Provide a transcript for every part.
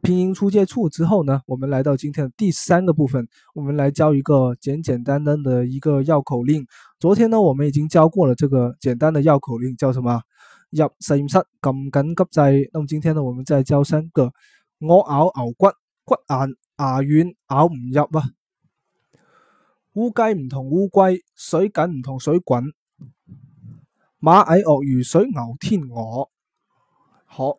拼音出界處之後呢，我們來到今天的第三個部分，我們來教一個簡簡單單的一個繞口令。昨天呢，我們已經教過了這個簡單的繞口令，叫什麼？入實驗室撳緊急掣。那麼今天呢，我們再教三個。我咬牛骨，骨硬牙軟咬唔入啊。烏雞唔同烏龜，水緊唔同水滾。螞蟻鱷魚水牛天鵝，好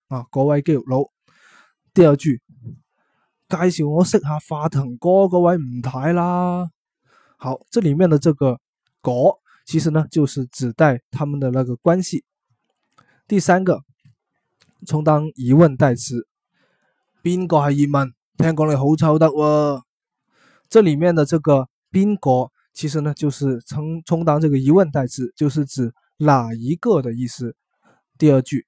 啊！嗰位肌肉佬，第二句介紹我識下化騰哥嗰位吳太啦。好，這裏面的這個果，其實呢就是指代他們的那個關係。第三個，充當疑問代詞，邊個係疑問？聽講你好抽得喎。這裏面的這個邊個，其實呢就是充充當這個疑問代詞，就是指哪一個的意思。第二句。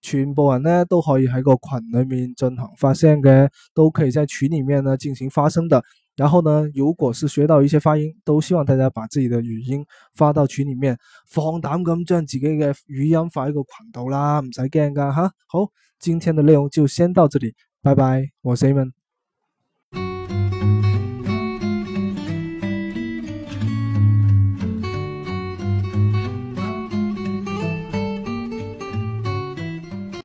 全部人呢都可以喺個群裏面進行發聲嘅，都可以在群裏面呢進行發聲的。然後呢，如果是學到一些發音，都希望大家把自己的語音發到群裏面，放膽咁將自己嘅語音發喺個群度啦，唔使驚噶吓。好，今天嘅內容就先到這裏，拜拜，我係 Amen。